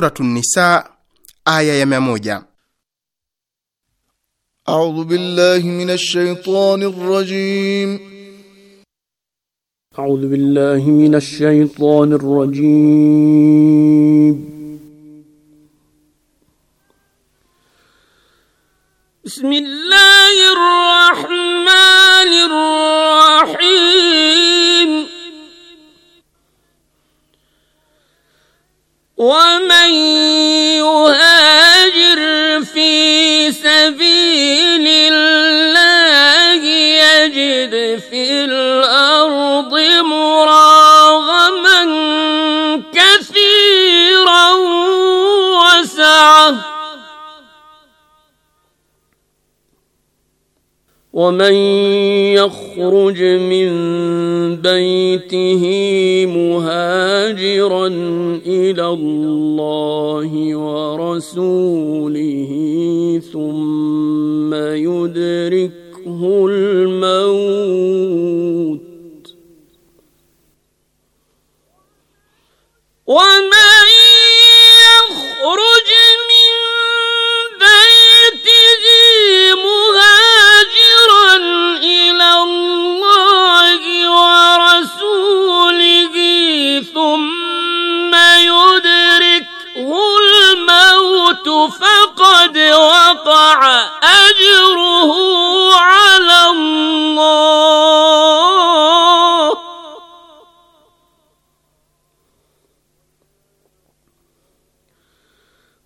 Suratu Nisa aya ya mia A'udhu billahi minash shaitani rajim. A'udhu billahi minash shaitani rajim. Bismillahir rahmanir rahim. ومن يهاجر في سبيل الله يجد في الارض مراغما كثيرا وسعه ومن يخرج من بيته مهاجرا الى الله ورسوله ثم يدركه الموت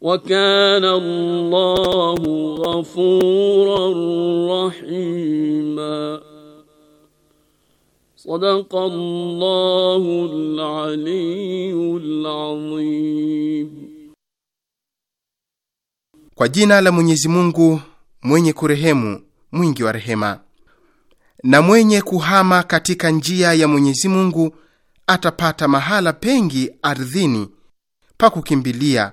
wa kana Allahu ghafuran rahima. Sadaqa Allahu al azim. Kwa jina la Mwenyezi Mungu mwenye kurehemu mwingi wa rehema. Na mwenye kuhama katika njia ya Mwenyezi Mungu atapata mahala pengi ardhini pa kukimbilia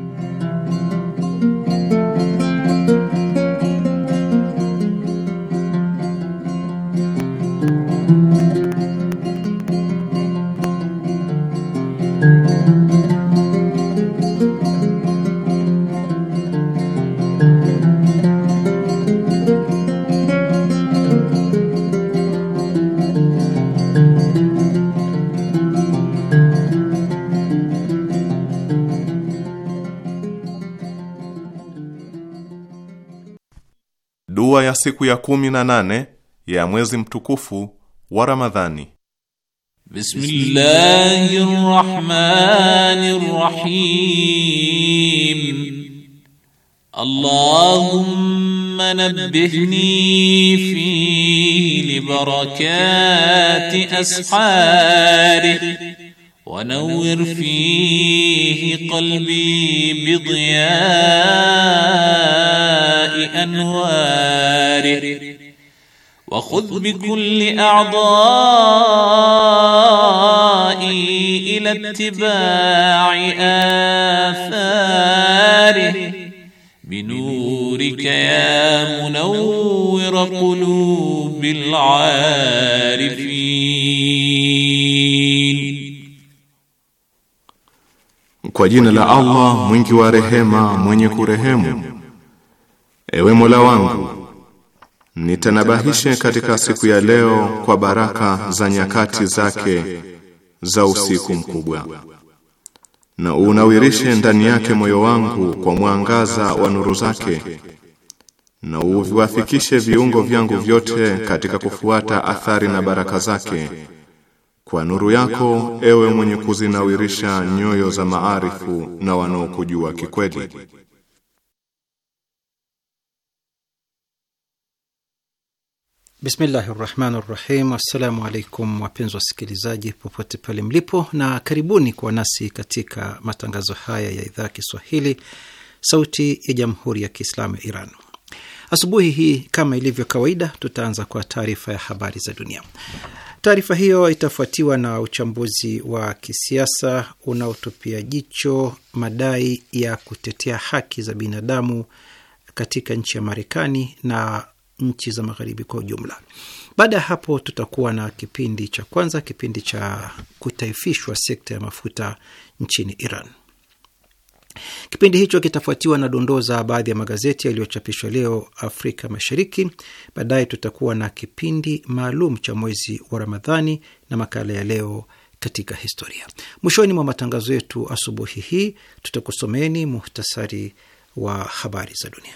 siku ya kumi na nane ya mwezi mtukufu wa Ramadhani. Bismillahirrahmanirrahim. Allahumma nabbihni fi libarakati ashari ونور فيه قلبي بضياء أنوار وخذ بكل أعضاء إلى اتباع آثاره بنورك يا منور قلوب العارفين Kwa jina la Allah mwingi wa rehema mwenye kurehemu Ewe Mola wangu Nitanabahishe katika siku ya leo kwa baraka za nyakati zake za usiku mkubwa, na unawirishe ndani yake moyo wangu kwa mwangaza wa nuru zake, na uviwafikishe viungo vyangu vyote katika kufuata athari na baraka zake kwa nuru yako, ewe mwenye kuzinawirisha nyoyo za maarifu na wanaokujua kikweli. Bismillahi rahmani rahim. Assalamu alaikum wapenzi wasikilizaji popote pale mlipo, na karibuni kuwa nasi katika matangazo haya ya idhaa ya Kiswahili sauti ya jamhuri ya Kiislamu ya Iran. Asubuhi hii kama ilivyo kawaida, tutaanza kwa taarifa ya habari za dunia. Taarifa hiyo itafuatiwa na uchambuzi wa kisiasa unaotupia jicho madai ya kutetea haki za binadamu katika nchi ya Marekani na nchi za magharibi kwa ujumla. Baada ya hapo, tutakuwa na kipindi cha kwanza, kipindi cha kutaifishwa sekta ya mafuta nchini Iran. Kipindi hicho kitafuatiwa na dondoo za baadhi ya magazeti yaliyochapishwa leo Afrika Mashariki. Baadaye tutakuwa na kipindi maalum cha mwezi wa Ramadhani na makala ya leo katika historia. Mwishoni mwa matangazo yetu asubuhi hii, tutakusomeni muhtasari wa habari za dunia.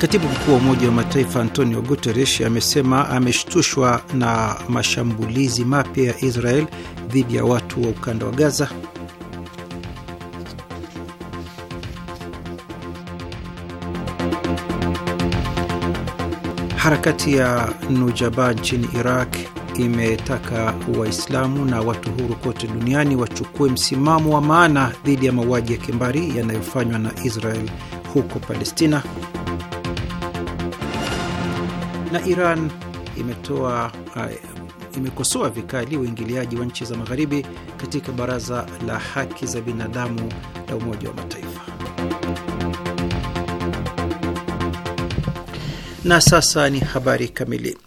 Katibu mkuu wa Umoja wa Mataifa Antonio Guterres amesema ameshtushwa na mashambulizi mapya ya Israel dhidi ya watu wa ukanda wa Gaza. Harakati ya Nujaba nchini Iraq imetaka Waislamu na watu huru kote duniani wachukue msimamo wa maana dhidi ya mauaji ya kimbari yanayofanywa na Israel huko Palestina na Iran imetoa uh, imekosoa vikali uingiliaji wa nchi za magharibi katika baraza la haki za binadamu la Umoja wa Mataifa. Na sasa ni habari kamili.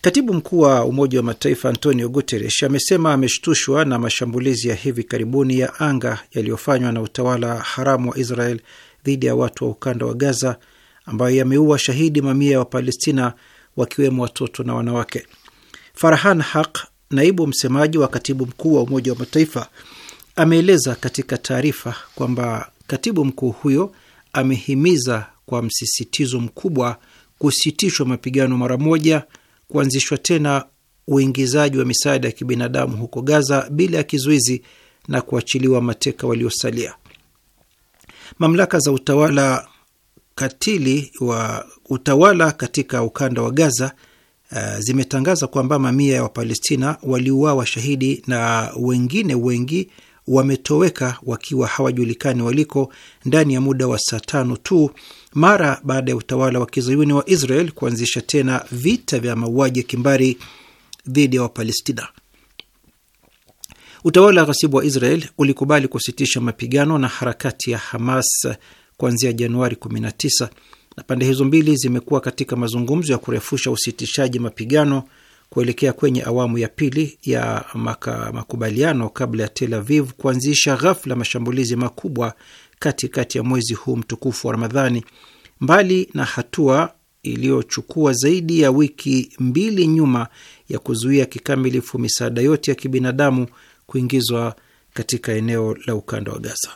Katibu mkuu wa Umoja wa Mataifa Antonio Guterres amesema ameshtushwa na mashambulizi ya hivi karibuni ya anga yaliyofanywa na utawala haramu wa Israel dhidi ya watu wa ukanda wa Gaza ambayo yameua shahidi mamia ya Wapalestina wakiwemo watoto na wanawake. Farhan Haq, naibu msemaji wa katibu mkuu wa Umoja wa Mataifa, ameeleza katika taarifa kwamba katibu mkuu huyo amehimiza kwa msisitizo mkubwa kusitishwa mapigano mara moja, kuanzishwa tena uingizaji wa misaada ya kibinadamu huko Gaza bila ya kizuizi na kuachiliwa mateka waliosalia. Mamlaka za utawala katili wa utawala katika ukanda wa Gaza uh, zimetangaza kwamba mamia ya Wapalestina waliuawa shahidi na wengine wengi wametoweka wakiwa hawajulikani waliko ndani ya muda wa saa tano tu mara baada ya utawala wa kizayuni wa Israel kuanzisha tena vita vya mauaji ya kimbari dhidi ya Wapalestina. Utawala ghasibu wa Israel ulikubali kusitisha mapigano na harakati ya Hamas kuanzia Januari 19 na pande hizo mbili zimekuwa katika mazungumzo ya kurefusha usitishaji mapigano kuelekea kwenye awamu ya pili ya maka, makubaliano kabla ya Tel Aviv kuanzisha ghafla mashambulizi makubwa katikati kati ya mwezi huu mtukufu wa Ramadhani. Mbali na hatua iliyochukua zaidi ya wiki mbili nyuma ya kuzuia kikamilifu misaada yote ya kibinadamu kuingizwa katika eneo la ukanda wa Gaza.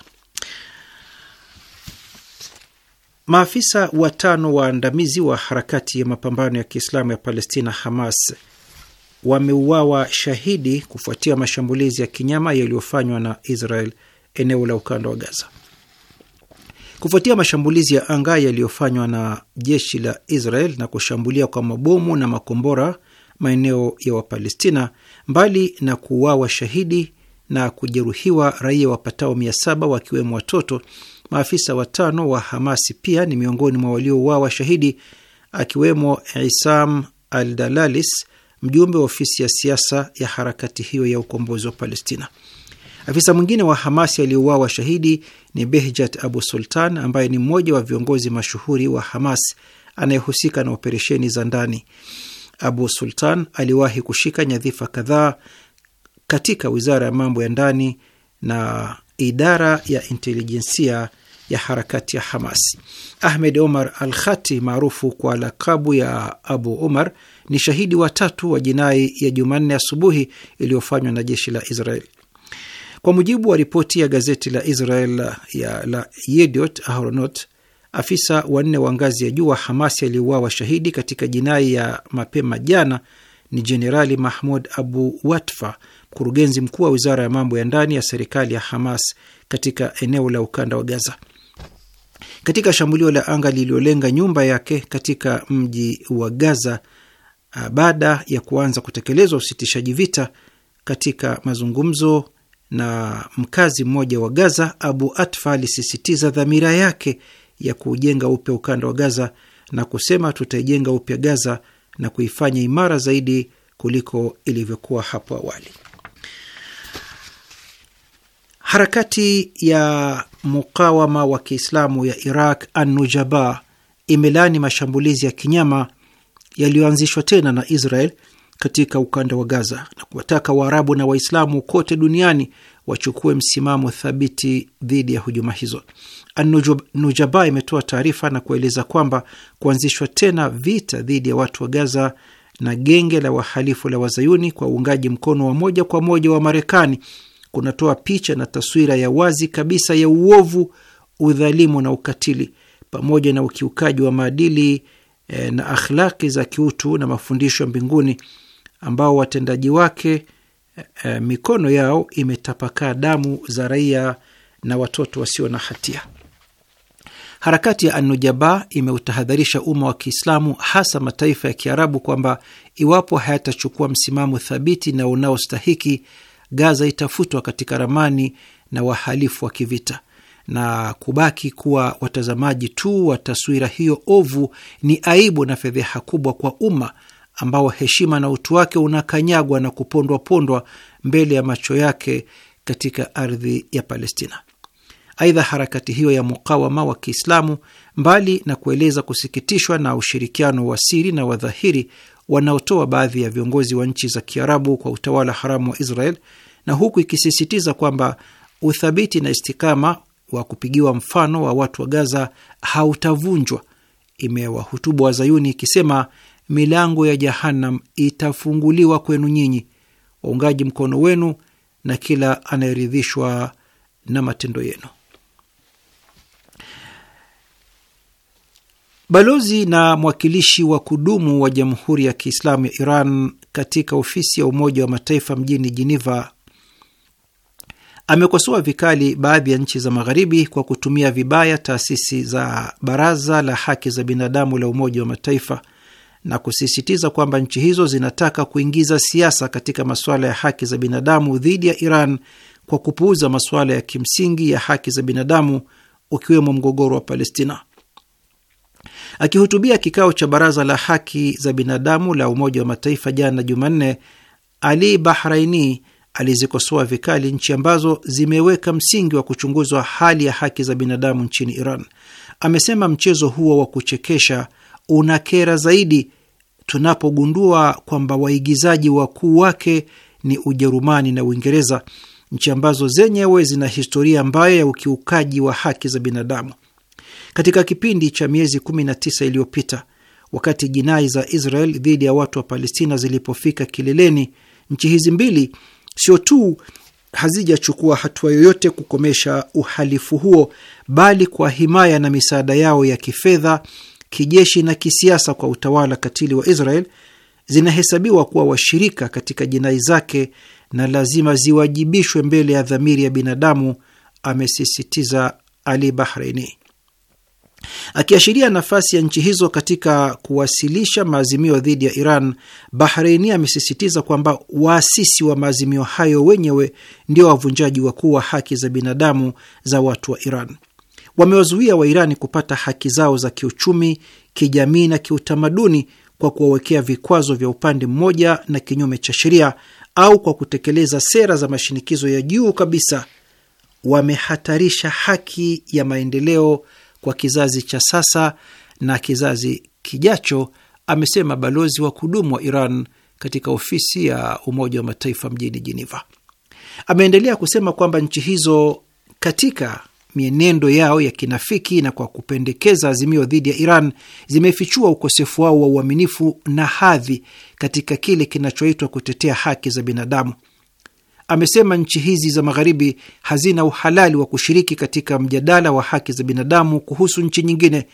Maafisa watano waandamizi wa harakati ya mapambano ya Kiislamu ya Palestina, Hamas, wameuawa shahidi kufuatia mashambulizi ya kinyama yaliyofanywa na Israel eneo la ukanda wa Gaza. Kufuatia mashambulizi ya anga yaliyofanywa na jeshi la Israel na kushambulia kwa mabomu na makombora maeneo ya Wapalestina, mbali na kuuawa shahidi na kujeruhiwa raia wapatao mia saba wakiwemo watoto, Maafisa watano wa Hamasi pia ni miongoni mwa waliouawa shahidi, akiwemo Isam al Dalalis, mjumbe wa ofisi ya siasa ya harakati hiyo ya ukombozi wa Palestina. Afisa mwingine wa Hamasi aliyeuawa shahidi ni Behjat Abu Sultan, ambaye ni mmoja wa viongozi mashuhuri wa Hamas anayehusika na operesheni za ndani. Abu Sultan aliwahi kushika nyadhifa kadhaa katika wizara ya mambo ya ndani na idara ya intelijensia ya harakati ya Hamas. Ahmed Omar Al Khati, maarufu kwa lakabu ya Abu umar ni shahidi watatu wa jinai ya Jumanne asubuhi iliyofanywa na jeshi la Israel. Kwa mujibu wa ripoti ya gazeti la Israel ya la Yediot Ahronot, afisa wanne wa ngazi ya juu wa Hamas aliyeuawa shahidi katika jinai ya mapema jana ni Jenerali Mahmud Abu Watfa, mkurugenzi mkuu wa wizara ya mambo ya ndani ya serikali ya Hamas katika eneo la ukanda wa Gaza katika shambulio la anga lililolenga nyumba yake katika mji wa Gaza ah, baada ya kuanza kutekelezwa usitishaji vita katika mazungumzo na mkazi mmoja wa Gaza, Abu Atfa alisisitiza dhamira yake ya kuujenga upya ukanda wa Gaza na kusema, tutaijenga upya Gaza na kuifanya imara zaidi kuliko ilivyokuwa hapo awali. Harakati ya mukawama wa Kiislamu ya Iraq Annujaba imelani mashambulizi ya kinyama yaliyoanzishwa tena na Israel katika ukanda wa Gaza na kuwataka Waarabu na Waislamu kote duniani wachukue msimamo thabiti dhidi ya hujuma hizo. Annujaba imetoa taarifa na kueleza kwamba kuanzishwa tena vita dhidi ya watu wa Gaza na genge la wahalifu la Wazayuni kwa uungaji mkono wa moja kwa moja wa Marekani kunatoa picha na taswira ya wazi kabisa ya uovu, udhalimu na ukatili, pamoja na ukiukaji wa maadili e, na akhlaki za kiutu na mafundisho ya mbinguni, ambao watendaji wake e, mikono yao imetapakaa damu za raia na watoto wasio na hatia. Harakati ya Anujaba imeutahadharisha umma wa Kiislamu, hasa mataifa ya Kiarabu, kwamba iwapo hayatachukua msimamo thabiti na unaostahiki Gaza itafutwa katika ramani na wahalifu wa kivita na kubaki kuwa watazamaji tu wa taswira hiyo ovu ni aibu na fedheha kubwa kwa umma ambao heshima na utu wake unakanyagwa na kupondwa pondwa mbele ya macho yake katika ardhi ya Palestina. Aidha, harakati hiyo ya mukawama wa Kiislamu, mbali na kueleza kusikitishwa na ushirikiano wa siri na wa dhahiri wanaotoa baadhi ya viongozi wa nchi za Kiarabu kwa utawala haramu wa Israel, na huku ikisisitiza kwamba uthabiti na istikama wa kupigiwa mfano wa watu wa Gaza hautavunjwa. Imewahutubu Wazayuni ikisema milango ya Jahannam itafunguliwa kwenu nyinyi, waungaji mkono wenu na kila anayeridhishwa na matendo yenu. Balozi na mwakilishi wa kudumu wa Jamhuri ya Kiislamu ya Iran katika ofisi ya Umoja wa Mataifa mjini Jeneva amekosoa vikali baadhi ya nchi za Magharibi kwa kutumia vibaya taasisi za Baraza la Haki za Binadamu la Umoja wa Mataifa na kusisitiza kwamba nchi hizo zinataka kuingiza siasa katika masuala ya haki za binadamu dhidi ya Iran kwa kupuuza masuala ya kimsingi ya haki za binadamu ukiwemo mgogoro wa Palestina. Akihutubia kikao cha baraza la haki za binadamu la Umoja wa Mataifa jana Jumanne, Ali Bahraini alizikosoa vikali nchi ambazo zimeweka msingi wa kuchunguzwa hali ya haki za binadamu nchini Iran. Amesema mchezo huo wa kuchekesha unakera zaidi tunapogundua kwamba waigizaji wakuu wake ni Ujerumani na Uingereza, nchi ambazo zenyewe zina historia mbaya ya ukiukaji wa haki za binadamu katika kipindi cha miezi 19 iliyopita, wakati jinai za Israel dhidi ya watu wa Palestina zilipofika kileleni, nchi hizi mbili sio tu hazijachukua hatua yoyote kukomesha uhalifu huo, bali kwa himaya na misaada yao ya kifedha, kijeshi na kisiasa kwa utawala katili wa Israel, zinahesabiwa kuwa washirika katika jinai zake na lazima ziwajibishwe mbele ya dhamiri ya binadamu, amesisitiza Ali Bahreini. Akiashiria nafasi ya nchi hizo katika kuwasilisha maazimio dhidi ya Iran, Bahreini amesisitiza kwamba waasisi wa maazimio hayo wenyewe ndio wavunjaji wakuu wa haki za binadamu za watu wa Iran. Wamewazuia Wairani kupata haki zao za kiuchumi, kijamii na kiutamaduni kwa kuwawekea vikwazo vya upande mmoja na kinyume cha sheria au kwa kutekeleza sera za mashinikizo ya juu kabisa. Wamehatarisha haki ya maendeleo kwa kizazi cha sasa na kizazi kijacho, amesema balozi wa kudumu wa Iran katika ofisi ya Umoja wa Mataifa mjini Jeneva. Ameendelea kusema kwamba nchi hizo katika mienendo yao ya kinafiki na kwa kupendekeza azimio dhidi ya Iran zimefichua ukosefu wao wa uaminifu na hadhi katika kile kinachoitwa kutetea haki za binadamu amesema nchi hizi za magharibi hazina uhalali wa kushiriki katika mjadala wa haki za binadamu kuhusu nchi nyingine,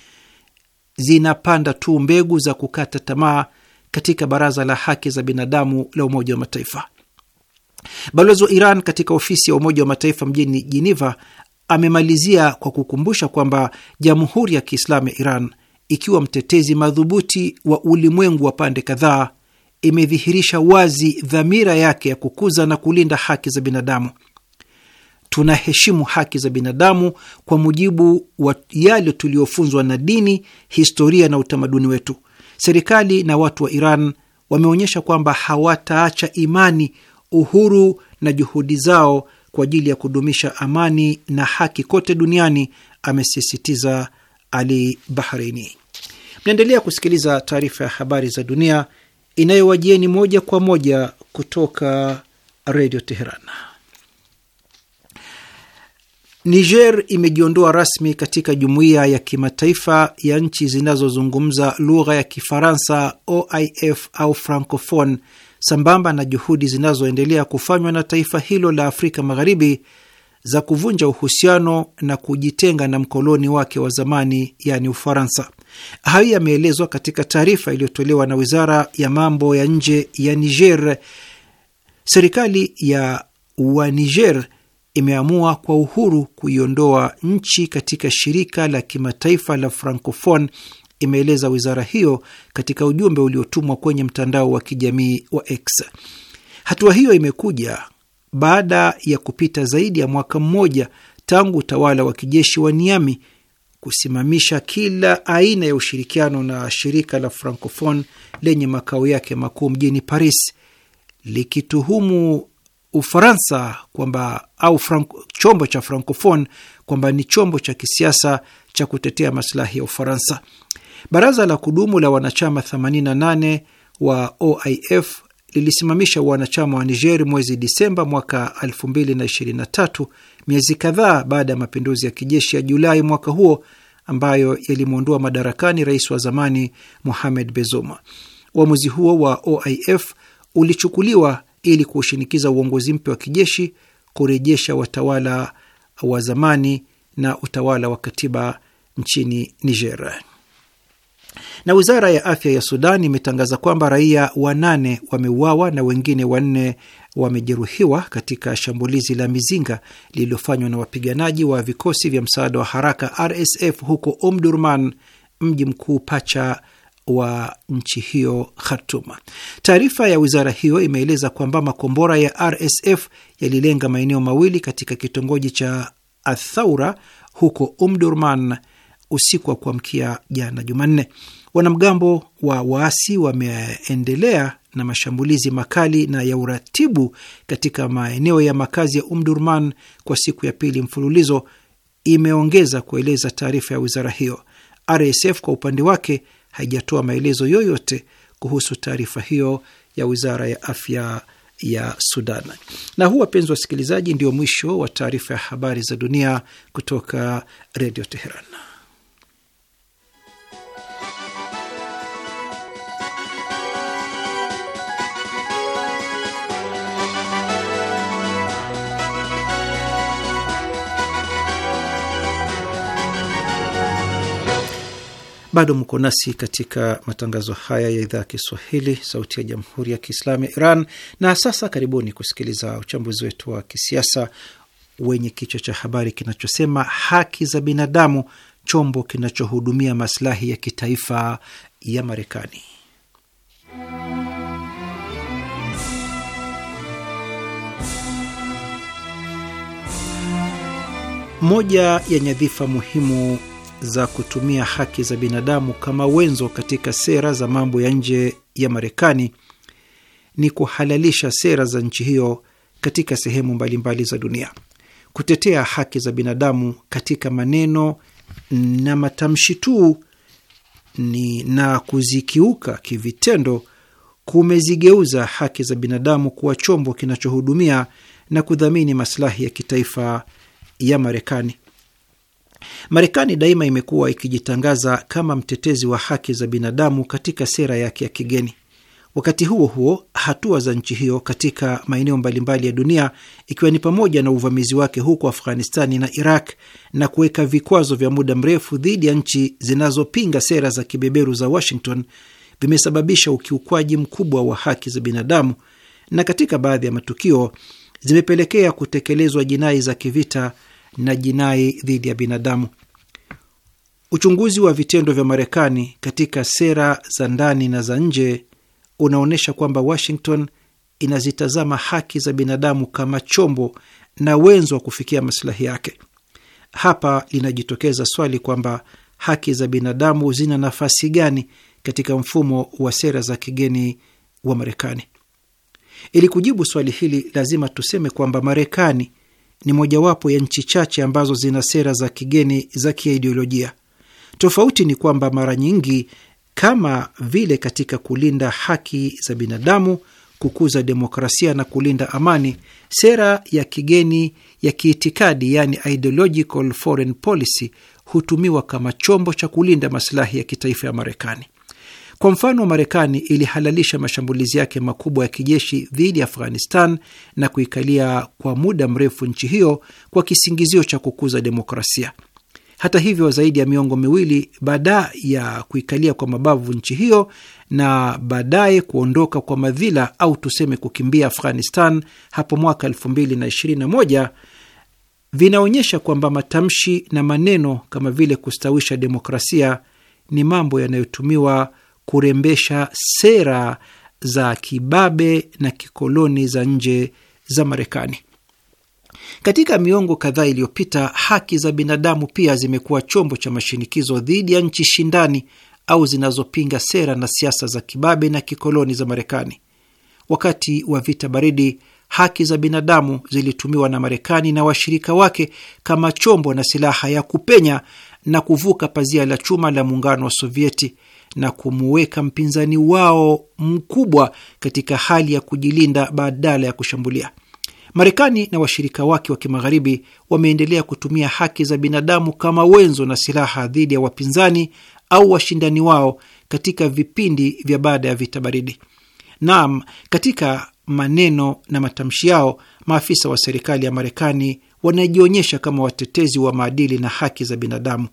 zinapanda tu mbegu za kukata tamaa katika baraza la haki za binadamu la Umoja wa Mataifa. Balozi wa Iran katika ofisi ya Umoja wa Mataifa mjini jiniva amemalizia kwa kukumbusha kwamba Jamhuri ya Kiislamu ya Iran, ikiwa mtetezi madhubuti wa ulimwengu wa pande kadhaa imedhihirisha wazi dhamira yake ya kukuza na kulinda haki za binadamu. Tunaheshimu haki za binadamu kwa mujibu wa yale tuliyofunzwa na dini, historia na utamaduni wetu. Serikali na watu wa Iran wameonyesha kwamba hawataacha imani, uhuru na juhudi zao kwa ajili ya kudumisha amani na haki kote duniani, amesisitiza Ali Bahreini. Mnaendelea kusikiliza taarifa ya habari za dunia inayowajieni moja kwa moja kutoka redio Teheran. Niger imejiondoa rasmi katika jumuiya ya kimataifa ya nchi zinazozungumza lugha ya Kifaransa, OIF au Francofon, sambamba na juhudi zinazoendelea kufanywa na taifa hilo la Afrika Magharibi za kuvunja uhusiano na kujitenga na mkoloni wake wa zamani, yaani Ufaransa. Hayo yameelezwa katika taarifa iliyotolewa na wizara ya mambo ya nje ya Niger. Serikali ya wa Niger imeamua kwa uhuru kuiondoa nchi katika shirika la kimataifa la Francofon, imeeleza wizara hiyo katika ujumbe uliotumwa kwenye mtandao wa kijamii wa X. Hatua hiyo imekuja baada ya kupita zaidi ya mwaka mmoja tangu utawala wa kijeshi wa Niami kusimamisha kila aina ya ushirikiano na shirika la Francofon lenye makao yake makuu mjini Paris, likituhumu Ufaransa kwamba au Frank, chombo cha Francofon kwamba ni chombo cha kisiasa cha kutetea masilahi ya Ufaransa. Baraza la kudumu la wanachama 88 wa OIF lilisimamisha wanachama wa Niger mwezi Disemba mwaka 2023 miezi kadhaa baada ya mapinduzi ya kijeshi ya Julai mwaka huo ambayo yalimwondoa madarakani rais wa zamani Mohamed bezuma Uamuzi huo wa OIF ulichukuliwa ili kuushinikiza uongozi mpya wa kijeshi kurejesha watawala wa zamani na utawala wa katiba nchini Niger. Na wizara ya afya ya Sudan imetangaza kwamba raia wanane wameuawa na wengine wanne wamejeruhiwa katika shambulizi la mizinga lililofanywa na wapiganaji wa vikosi vya msaada wa haraka RSF huko Omdurman, mji mkuu pacha wa nchi hiyo Khartum. Taarifa ya wizara hiyo imeeleza kwamba makombora ya RSF yalilenga maeneo mawili katika kitongoji cha Athaura huko Omdurman usiku wa kuamkia jana Jumanne. Wanamgambo wa waasi wameendelea na mashambulizi makali na ya uratibu katika maeneo ya makazi ya Umdurman kwa siku ya pili mfululizo, imeongeza kueleza taarifa ya wizara hiyo. RSF kwa upande wake haijatoa maelezo yoyote kuhusu taarifa hiyo ya wizara ya afya ya Sudan. Na huu, wapenzi wasikilizaji, ndio mwisho wa taarifa ya habari za dunia kutoka Redio Teheran. Bado mko nasi katika matangazo haya ya idhaa ya Kiswahili, sauti ya jamhuri ya kiislamu ya Iran. Na sasa karibuni kusikiliza uchambuzi wetu wa kisiasa wenye kichwa cha habari kinachosema haki za binadamu, chombo kinachohudumia maslahi ya kitaifa ya Marekani. Moja ya nyadhifa muhimu za kutumia haki za binadamu kama wenzo katika sera za mambo ya nje ya Marekani ni kuhalalisha sera za nchi hiyo katika sehemu mbalimbali za dunia, kutetea haki za binadamu katika maneno na matamshi tu ni na kuzikiuka kivitendo kumezigeuza haki za binadamu kuwa chombo kinachohudumia na kudhamini maslahi ya kitaifa ya Marekani. Marekani daima imekuwa ikijitangaza kama mtetezi wa haki za binadamu katika sera yake ya kigeni. Wakati huo huo, hatua za nchi hiyo katika maeneo mbalimbali ya dunia ikiwa ni pamoja na uvamizi wake huko Afghanistani na Iraq na kuweka vikwazo vya muda mrefu dhidi ya nchi zinazopinga sera za kibeberu za Washington vimesababisha ukiukwaji mkubwa wa haki za binadamu na katika baadhi ya matukio zimepelekea kutekelezwa jinai za kivita na jinai dhidi ya binadamu. Uchunguzi wa vitendo vya Marekani katika sera za ndani na za nje unaonyesha kwamba Washington inazitazama haki za binadamu kama chombo na wenzo wa kufikia masilahi yake. Hapa linajitokeza swali kwamba haki za binadamu zina nafasi gani katika mfumo wa sera za kigeni wa Marekani? Ili kujibu swali hili, lazima tuseme kwamba Marekani ni mojawapo ya nchi chache ambazo zina sera za kigeni za kiidiolojia. Tofauti ni kwamba mara nyingi, kama vile katika kulinda haki za binadamu, kukuza demokrasia na kulinda amani, sera ya kigeni ya kiitikadi, yani ideological foreign policy, hutumiwa kama chombo cha kulinda masilahi ya kitaifa ya Marekani. Kwa mfano, Marekani ilihalalisha mashambulizi yake makubwa ya kijeshi dhidi ya Afghanistan na kuikalia kwa muda mrefu nchi hiyo kwa kisingizio cha kukuza demokrasia. Hata hivyo, zaidi ya miongo miwili baada ya kuikalia kwa mabavu nchi hiyo na baadaye kuondoka kwa madhila au tuseme kukimbia Afghanistan hapo mwaka 2021 vinaonyesha kwamba matamshi na maneno kama vile kustawisha demokrasia ni mambo yanayotumiwa kurembesha sera za kibabe na kikoloni za nje za Marekani. Katika miongo kadhaa iliyopita, haki za binadamu pia zimekuwa chombo cha mashinikizo dhidi ya nchi shindani au zinazopinga sera na siasa za kibabe na kikoloni za Marekani. Wakati wa vita baridi, haki za binadamu zilitumiwa na Marekani na washirika wake kama chombo na silaha ya kupenya na kuvuka pazia la chuma la muungano wa Sovieti na kumuweka mpinzani wao mkubwa katika hali ya kujilinda badala ya kushambulia. Marekani na washirika wake wa kimagharibi wameendelea kutumia haki za binadamu kama wenzo na silaha dhidi ya wapinzani au washindani wao katika vipindi vya baada ya vita baridi. Naam, katika maneno na matamshi yao, maafisa wa serikali ya Marekani wanajionyesha kama watetezi wa maadili na haki za binadamu,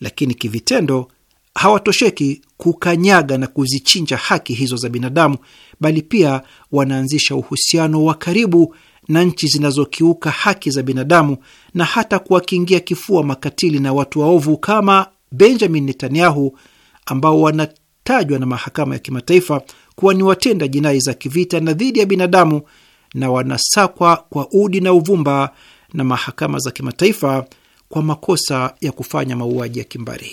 lakini kivitendo hawatosheki kukanyaga na kuzichinja haki hizo za binadamu, bali pia wanaanzisha uhusiano wa karibu na nchi zinazokiuka haki za binadamu na hata kuwakingia kifua makatili na watu waovu kama Benjamin Netanyahu ambao wanatajwa na mahakama ya kimataifa kuwa ni watenda jinai za kivita na dhidi ya binadamu na wanasakwa kwa udi na uvumba na mahakama za kimataifa kwa makosa ya kufanya mauaji ya kimbari.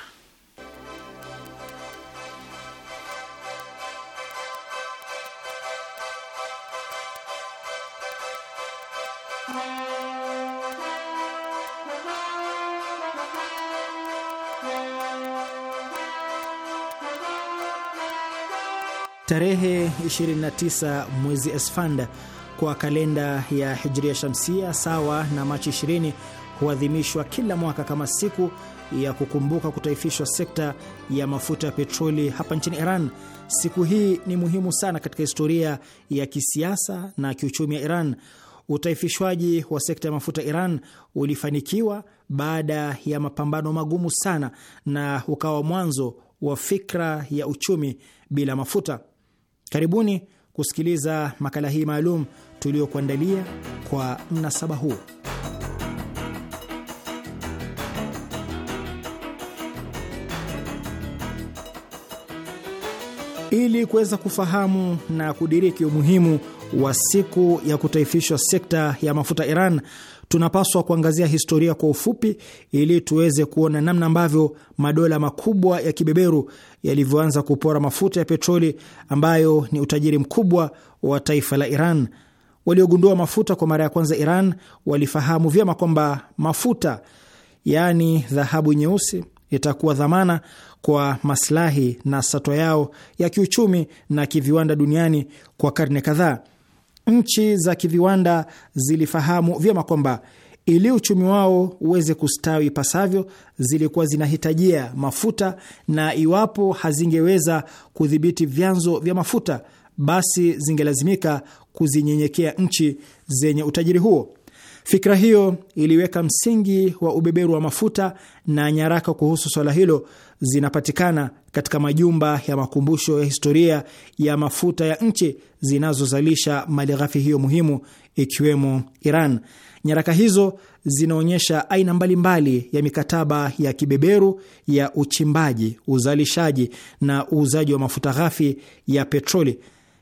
tarehe 29 mwezi Esfanda kwa kalenda ya Hijria Shamsia, sawa na Machi 20, huadhimishwa kila mwaka kama siku ya kukumbuka kutaifishwa sekta ya mafuta ya petroli hapa nchini Iran. Siku hii ni muhimu sana katika historia ya kisiasa na kiuchumi ya Iran. Utaifishwaji wa sekta ya mafuta Iran ulifanikiwa baada ya mapambano magumu sana na ukawa mwanzo wa fikra ya uchumi bila mafuta. Karibuni kusikiliza makala hii maalum tuliyokuandalia kwa mnasaba huu. Ili kuweza kufahamu na kudiriki umuhimu wa siku ya kutaifishwa sekta ya mafuta Iran, tunapaswa kuangazia historia kwa ufupi ili tuweze kuona namna ambavyo madola makubwa ya kibeberu yalivyoanza kupora mafuta ya petroli ambayo ni utajiri mkubwa wa taifa la Iran. Waliogundua mafuta kwa mara ya kwanza Iran walifahamu vyema kwamba mafuta, yaani dhahabu nyeusi, itakuwa dhamana kwa maslahi na satwa yao ya kiuchumi na kiviwanda duniani kwa karne kadhaa. Nchi za kiviwanda zilifahamu vyema kwamba ili uchumi wao uweze kustawi ipasavyo, zilikuwa zinahitajia mafuta, na iwapo hazingeweza kudhibiti vyanzo vya mafuta, basi zingelazimika kuzinyenyekea nchi zenye utajiri huo. Fikra hiyo iliweka msingi wa ubeberu wa mafuta na nyaraka kuhusu swala hilo zinapatikana katika majumba ya makumbusho ya historia ya mafuta ya nchi zinazozalisha malighafi hiyo muhimu ikiwemo Iran. Nyaraka hizo zinaonyesha aina mbalimbali mbali ya mikataba ya kibeberu ya uchimbaji, uzalishaji na uuzaji wa mafuta ghafi ya petroli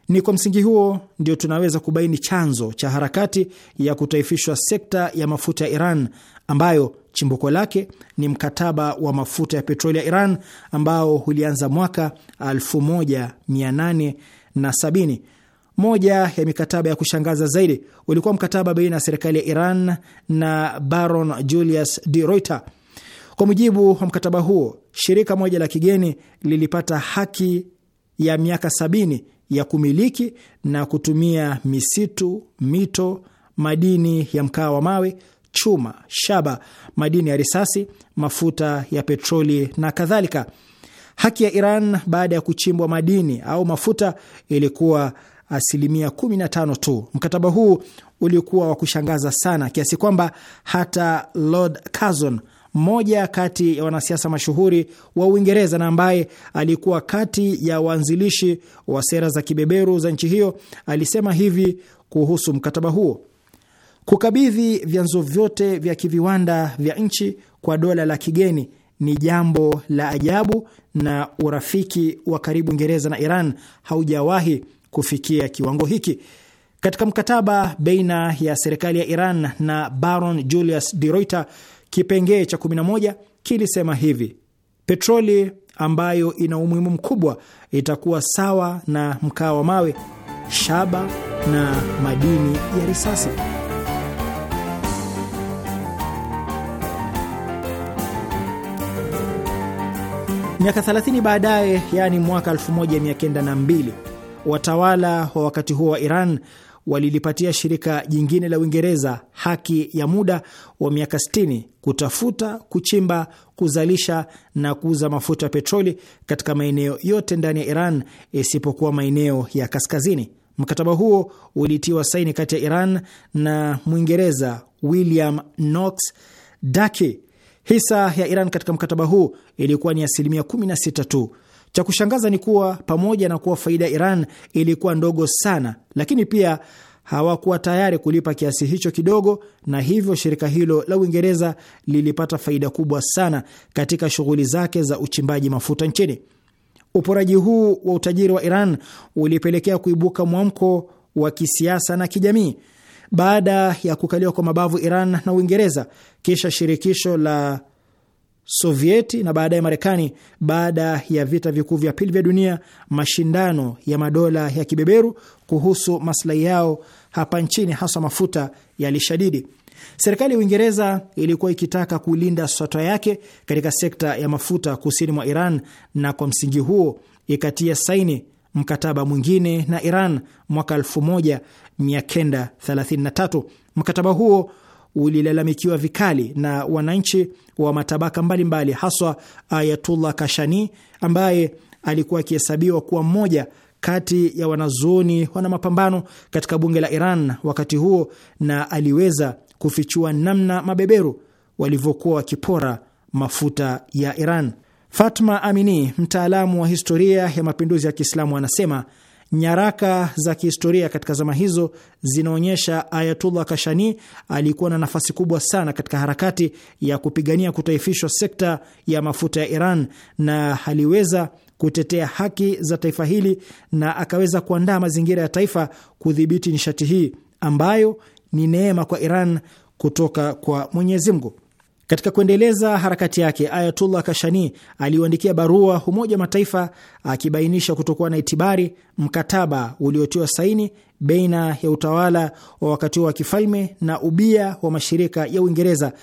ni kwa msingi huo ndio tunaweza kubaini chanzo cha harakati ya kutaifishwa sekta ya mafuta ya Iran ambayo chimbuko lake ni mkataba wa mafuta ya petroli ya Iran ambao ulianza mwaka 1870. Moja ya mikataba ya kushangaza zaidi ulikuwa mkataba baina ya serikali ya Iran na Baron Julius de Reuter. Kwa mujibu wa mkataba huo, shirika moja la kigeni lilipata haki ya miaka sabini ya kumiliki na kutumia misitu, mito, madini ya mkaa wa mawe, chuma, shaba, madini ya risasi, mafuta ya petroli na kadhalika. Haki ya Iran baada ya kuchimbwa madini au mafuta ilikuwa asilimia 15 tu. Mkataba huu ulikuwa wa kushangaza sana kiasi kwamba hata Lord Curzon mmoja kati ya wanasiasa mashuhuri wa Uingereza na ambaye alikuwa kati ya waanzilishi wa sera za kibeberu za nchi hiyo, alisema hivi kuhusu mkataba huo: kukabidhi vyanzo vyote vya kiviwanda vya nchi kwa dola la kigeni ni jambo la ajabu, na urafiki wa karibu Uingereza na Iran haujawahi kufikia kiwango hiki. Katika mkataba baina ya serikali ya Iran na Baron Julius de Reuter Kipengee cha 11 kilisema hivi: petroli ambayo ina umuhimu mkubwa itakuwa sawa na mkaa wa mawe, shaba na madini ya risasi. Miaka 30 baadaye, yaani mwaka 1902, watawala wa wakati huo wa Iran walilipatia shirika jingine la Uingereza haki ya muda wa miaka 60 kutafuta, kuchimba, kuzalisha na kuuza mafuta ya petroli katika maeneo yote ndani ya Iran isipokuwa maeneo ya kaskazini. Mkataba huo ulitiwa saini kati ya Iran na Mwingereza William Knox daki Hisa ya Iran katika mkataba huu ilikuwa ni asilimia 16 tu. Cha kushangaza ni kuwa pamoja na kuwa faida ya Iran ilikuwa ndogo sana, lakini pia hawakuwa tayari kulipa kiasi hicho kidogo, na hivyo shirika hilo la Uingereza lilipata faida kubwa sana katika shughuli zake za uchimbaji mafuta nchini. Uporaji huu wa utajiri wa Iran ulipelekea kuibuka mwamko wa kisiasa na kijamii. Baada ya kukaliwa kwa mabavu Iran na Uingereza, kisha shirikisho la Sovieti na baadaye Marekani baada ya vita vikuu vya pili vya dunia, mashindano ya madola ya kibeberu kuhusu maslahi yao hapa nchini, hasa mafuta yalishadidi. Serikali ya Uingereza ilikuwa ikitaka kulinda swata yake katika sekta ya mafuta kusini mwa Iran, na kwa msingi huo ikatia saini mkataba mwingine na Iran mwaka 1933. Mkataba huo ulilalamikiwa vikali na wananchi wa matabaka mbalimbali mbali, haswa Ayatullah Kashani ambaye alikuwa akihesabiwa kuwa mmoja kati ya wanazuoni wana mapambano katika bunge la Iran wakati huo, na aliweza kufichua namna mabeberu walivyokuwa wakipora mafuta ya Iran. Fatma Amini, mtaalamu wa historia ya mapinduzi ya Kiislamu, anasema Nyaraka za kihistoria katika zama hizo zinaonyesha Ayatullah Kashani alikuwa na nafasi kubwa sana katika harakati ya kupigania kutaifishwa sekta ya mafuta ya Iran na aliweza kutetea haki za taifa hili na akaweza kuandaa mazingira ya taifa kudhibiti nishati hii ambayo ni neema kwa Iran kutoka kwa Mwenyezi Mungu. Katika kuendeleza harakati yake, Ayatullah Kashani aliuandikia barua Umoja wa Mataifa akibainisha kutokuwa na itibari mkataba uliotiwa saini baina ya utawala wa wakati huo wa kifalme na ubia wa mashirika ya Uingereza.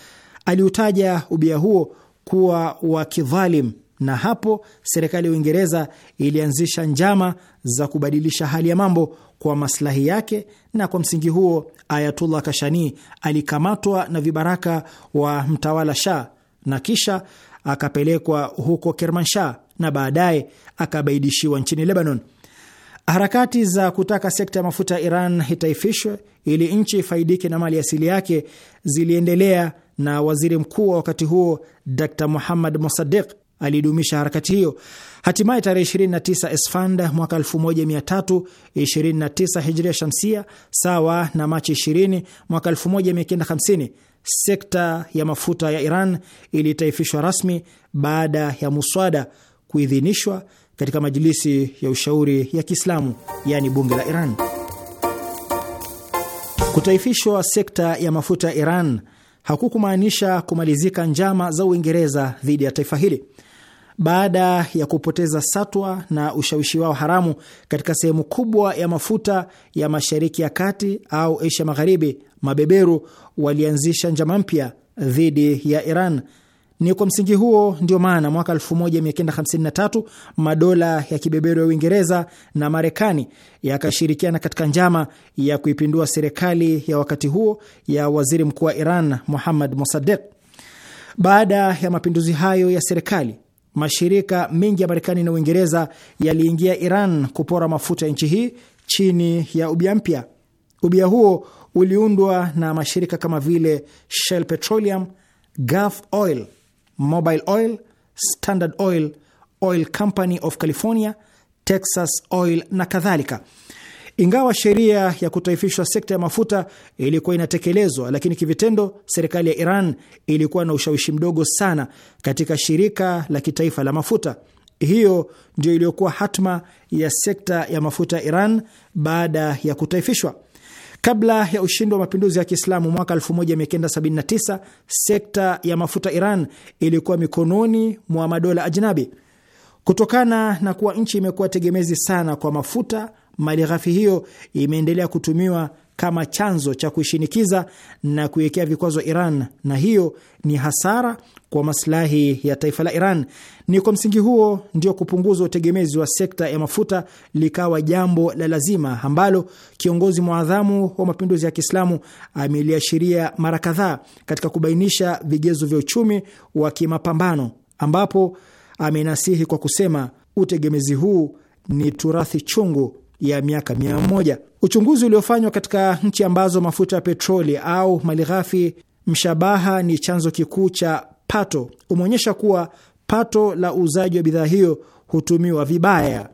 Aliutaja ubia huo kuwa wa kidhalim na hapo serikali ya Uingereza ilianzisha njama za kubadilisha hali ya mambo kwa maslahi yake, na kwa msingi huo Ayatullah Kashani alikamatwa na vibaraka wa mtawala Shah na kisha akapelekwa huko Kermanshah na baadaye akabaidishiwa nchini Lebanon. Harakati za kutaka sekta ya mafuta ya Iran itaifishwe ili nchi ifaidike na mali asili yake ziliendelea, na waziri mkuu wa wakati huo Dr Muhammad Mossadegh aliidumisha harakati hiyo. Hatimaye tarehe 29 Esfanda mwaka 1329 Hijria Shamsia, sawa na Machi 20 mwaka 1950, sekta ya mafuta ya Iran ilitaifishwa rasmi baada ya muswada kuidhinishwa katika Majilisi ya Ushauri ya Kiislamu, yaani bunge la Iran. Kutaifishwa sekta ya mafuta ya Iran hakukumaanisha kumalizika njama za Uingereza dhidi ya taifa hili baada ya kupoteza satwa na ushawishi wao haramu katika sehemu kubwa ya mafuta ya Mashariki ya Kati au Asia Magharibi, mabeberu walianzisha njama mpya dhidi ya Iran. Ni kwa msingi huo ndio maana mwaka 1953 madola ya kibeberu ya Uingereza na Marekani yakashirikiana katika njama ya kuipindua serikali ya wakati huo ya waziri mkuu wa Iran Muhammad Mossadegh. Baada ya mapinduzi hayo ya serikali mashirika mengi ya Marekani na Uingereza yaliingia Iran kupora mafuta ya nchi hii chini ya ubia mpya. Ubia huo uliundwa na mashirika kama vile Shell Petroleum, Gulf Oil, Mobil Oil, Standard Oil, Oil Company of California, Texas Oil na kadhalika. Ingawa sheria ya kutaifishwa sekta ya mafuta ilikuwa inatekelezwa, lakini kivitendo serikali ya Iran ilikuwa na ushawishi mdogo sana katika shirika la kitaifa la mafuta. Hiyo ndio iliyokuwa hatma ya sekta ya mafuta ya Iran baada ya kutaifishwa. Kabla ya ushindi wa mapinduzi ya Kiislamu mwaka 1979 sekta ya mafuta Iran ilikuwa mikononi mwa madola ajnabi. Kutokana na kuwa nchi imekuwa tegemezi sana kwa mafuta Malighafi hiyo imeendelea kutumiwa kama chanzo cha kuishinikiza na kuiwekea vikwazo Iran, na hiyo ni hasara kwa masilahi ya taifa la Iran. Ni kwa msingi huo ndio kupunguza utegemezi wa sekta ya mafuta likawa jambo la lazima ambalo kiongozi mwadhamu wa mapinduzi ya Kiislamu ameliashiria mara kadhaa katika kubainisha vigezo vya uchumi wa kimapambano, ambapo amenasihi kwa kusema utegemezi huu ni turathi chungu ya miaka mia moja. Uchunguzi uliofanywa katika nchi ambazo mafuta ya petroli au malighafi mshabaha ni chanzo kikuu cha pato umeonyesha kuwa pato la uuzaji wa bidhaa hiyo hutumiwa vibaya.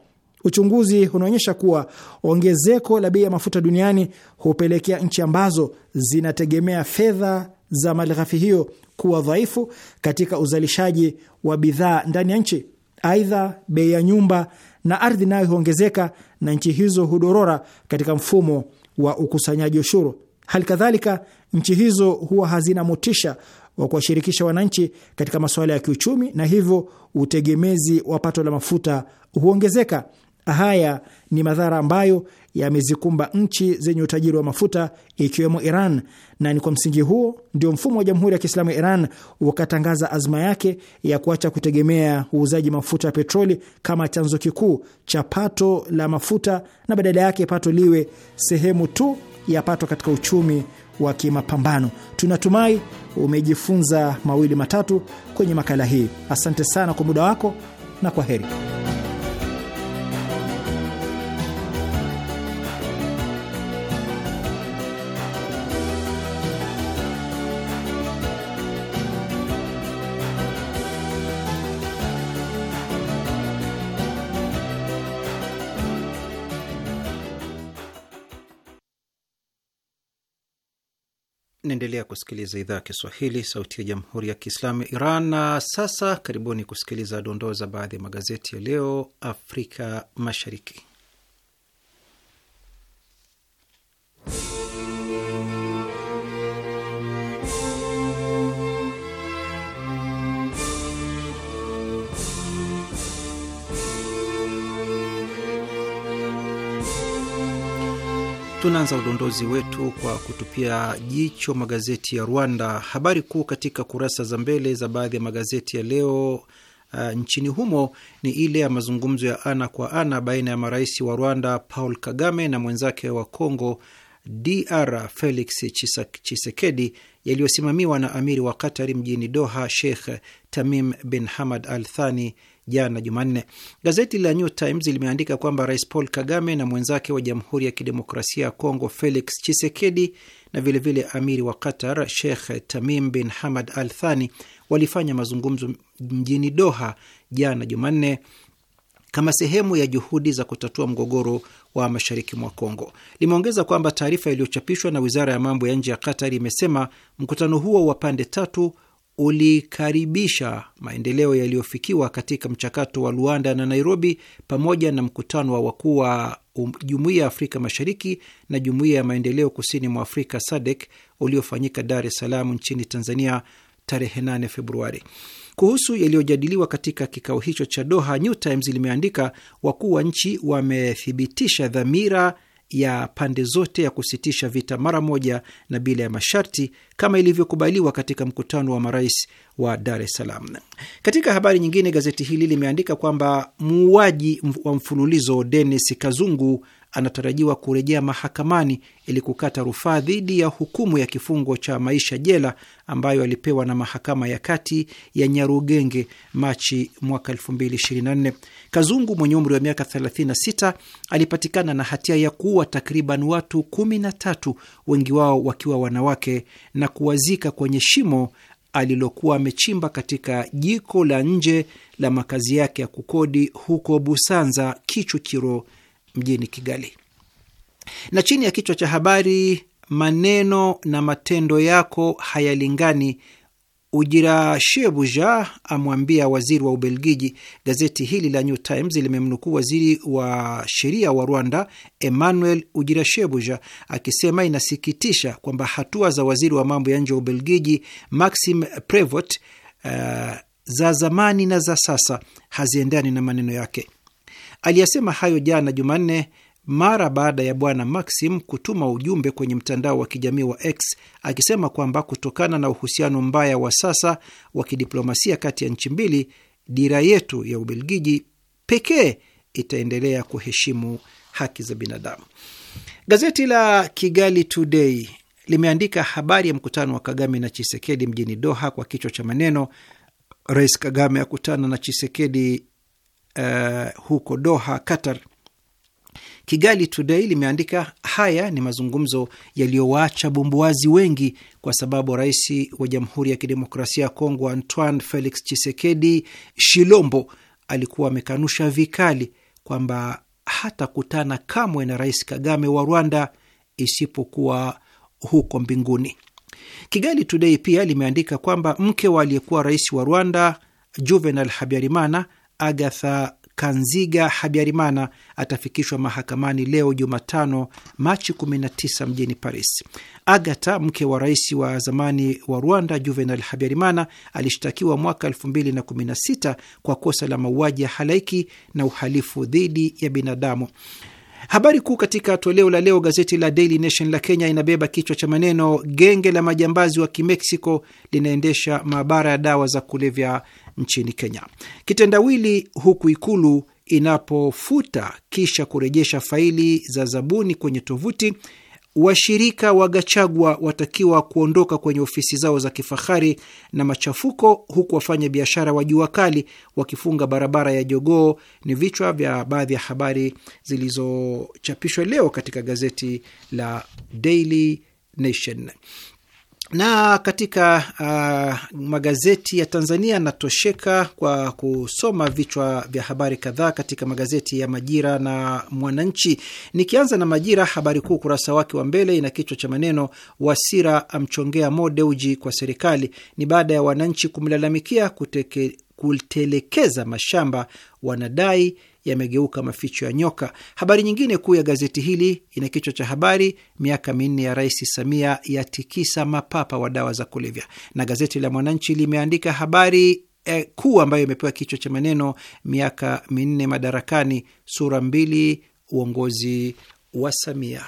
Uchunguzi unaonyesha kuwa ongezeko la bei ya mafuta duniani hupelekea nchi ambazo zinategemea fedha za malighafi hiyo kuwa dhaifu katika uzalishaji wa bidhaa ndani ya nchi. Aidha, bei ya nyumba na ardhi nayo huongezeka na nchi hizo hudorora katika mfumo wa ukusanyaji ushuru. Hali kadhalika, nchi hizo huwa hazina motisha wa kuwashirikisha wananchi katika masuala ya kiuchumi, na hivyo utegemezi wa pato la mafuta huongezeka. Haya ni madhara ambayo yamezikumba nchi zenye utajiri wa mafuta ikiwemo Iran, na ni kwa msingi huo ndio mfumo wa Jamhuri ya Kiislamu ya Iran ukatangaza azma yake ya kuacha kutegemea uuzaji mafuta ya petroli kama chanzo kikuu cha pato la mafuta, na badala yake pato liwe sehemu tu ya pato katika uchumi wa kimapambano. Tunatumai umejifunza mawili matatu kwenye makala hii. Asante sana kwa muda wako na kwa heri. Naendelea kusikiliza idhaa ya Kiswahili, sauti ya jamhuri ya kiislamu Iran. Na sasa karibuni kusikiliza dondoo za baadhi ya magazeti ya leo Afrika Mashariki. Tunaanza udondozi wetu kwa kutupia jicho magazeti ya Rwanda. Habari kuu katika kurasa za mbele za baadhi ya magazeti ya leo uh, nchini humo ni ile ya mazungumzo ya ana kwa ana baina ya marais wa Rwanda Paul Kagame na mwenzake wa Kongo DR Felix Chisekedi yaliyosimamiwa na amiri wa Katari mjini Doha, Sheikh Tamim bin Hamad Al Thani jana Jumanne. Gazeti la New Times limeandika kwamba Rais Paul Kagame na mwenzake wa Jamhuri ya Kidemokrasia ya Kongo Felix chisekedi na vilevile vile amiri wa Qatar Sheikh Tamim bin Hamad Al Thani walifanya mazungumzo mjini Doha jana Jumanne kama sehemu ya juhudi za kutatua mgogoro wa mashariki mwa Kongo. Limeongeza kwamba taarifa iliyochapishwa na wizara ya mambo ya nje ya Qatar imesema mkutano huo wa pande tatu ulikaribisha maendeleo yaliyofikiwa katika mchakato wa Luanda na Nairobi pamoja na mkutano wa wakuu wa um, Jumuiya ya Afrika Mashariki na Jumuiya ya Maendeleo Kusini mwa Afrika SADC uliofanyika Dar es Salaam nchini Tanzania tarehe 8 Februari. Kuhusu yaliyojadiliwa katika kikao hicho cha Doha, New Times limeandika wakuu wa nchi wamethibitisha dhamira ya pande zote ya kusitisha vita mara moja na bila ya masharti kama ilivyokubaliwa katika mkutano wa marais wa Dar es Salaam. Katika habari nyingine, gazeti hili limeandika kwamba muuaji wa mfululizo denis Kazungu anatarajiwa kurejea mahakamani ili kukata rufaa dhidi ya hukumu ya kifungo cha maisha jela ambayo alipewa na mahakama ya kati ya Nyarugenge Machi mwaka 2024. Kazungu mwenye umri wa miaka 36 alipatikana na hatia ya kuua takriban watu 13, wengi wao wakiwa wanawake, na kuwazika kwenye shimo alilokuwa amechimba katika jiko la nje la makazi yake ya kukodi huko Busanza, Kichukiro mjini Kigali, na chini ya kichwa cha habari maneno na matendo yako hayalingani, Shebuja amwambia waziri wa Ubelgiji. Gazeti hili la New Times limemnukuu waziri wa sheria wa Rwanda Emmanuel Shebuja akisema inasikitisha kwamba hatua za waziri wa mambo ya nje wa Ubelgiji maxim Prevot uh, za zamani na za sasa haziendani na maneno yake. Aliyasema hayo jana Jumanne mara baada ya bwana Maxim kutuma ujumbe kwenye mtandao wa kijamii wa X akisema kwamba kutokana na uhusiano mbaya wa sasa wa kidiplomasia kati ya nchi mbili, dira yetu ya Ubelgiji pekee itaendelea kuheshimu haki za binadamu. Gazeti la Kigali Today limeandika habari ya mkutano wa Kagame na Chisekedi mjini Doha kwa kichwa cha maneno, Rais Kagame akutana na Chisekedi uh, huko Doha, Qatar. Kigali Today limeandika haya ni mazungumzo yaliyowaacha bumbuazi wengi, kwa sababu rais wa Jamhuri ya Kidemokrasia ya Kongo Antoine Felix Tshisekedi Shilombo alikuwa amekanusha vikali kwamba hatakutana kamwe na Rais Kagame wa Rwanda isipokuwa huko mbinguni. Kigali Today pia limeandika kwamba mke wa aliyekuwa rais wa Rwanda Juvenal Habyarimana Agatha Kanziga Habyarimana atafikishwa mahakamani leo Jumatano, Machi 19 mjini Paris. Agatha, mke wa rais wa zamani wa Rwanda Juvenal Habyarimana, alishtakiwa mwaka 2016 kwa kosa la mauaji ya halaiki na uhalifu dhidi ya binadamu. Habari kuu katika toleo la leo gazeti la Daily Nation la Kenya inabeba kichwa cha maneno, genge la majambazi wa Kimeksiko linaendesha maabara ya dawa za kulevya nchini Kenya. Kitendawili huku Ikulu inapofuta kisha kurejesha faili za zabuni kwenye tovuti, washirika wa Gachagua watakiwa kuondoka kwenye ofisi zao za kifahari na machafuko, huku wafanya biashara wa jua kali wakifunga barabara ya Jogoo. Ni vichwa vya baadhi ya habari zilizochapishwa leo katika gazeti la Daily Nation na katika uh, magazeti ya Tanzania natosheka kwa kusoma vichwa vya habari kadhaa katika magazeti ya Majira na Mwananchi. Nikianza na Majira, habari kuu ukurasa wake wa mbele ina kichwa cha maneno Wasira amchongea Mo Dewji kwa serikali. Ni baada ya wananchi kumlalamikia kuteke, kutelekeza mashamba, wanadai yamegeuka maficho ya nyoka. Habari nyingine kuu ya gazeti hili ina kichwa cha habari, miaka minne ya Rais Samia yatikisa mapapa wa dawa za kulevya, na gazeti la Mwananchi limeandika habari eh, kuu ambayo imepewa kichwa cha maneno, miaka minne madarakani, sura mbili, uongozi wa Samia.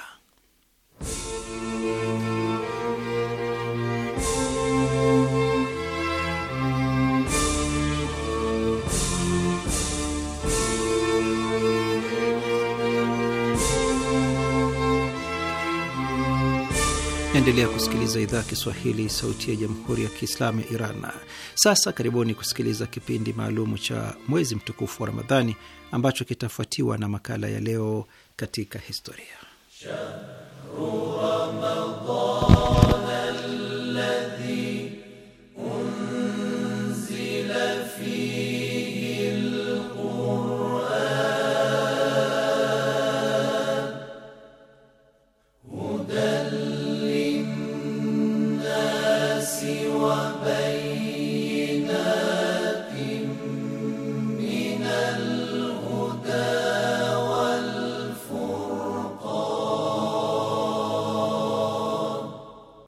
Naendelea kusikiliza idhaa ya Kiswahili, sauti ya jamhuri ya kiislamu ya Iran. Sasa karibuni kusikiliza kipindi maalumu cha mwezi mtukufu wa Ramadhani ambacho kitafuatiwa na makala ya leo katika historia Shana.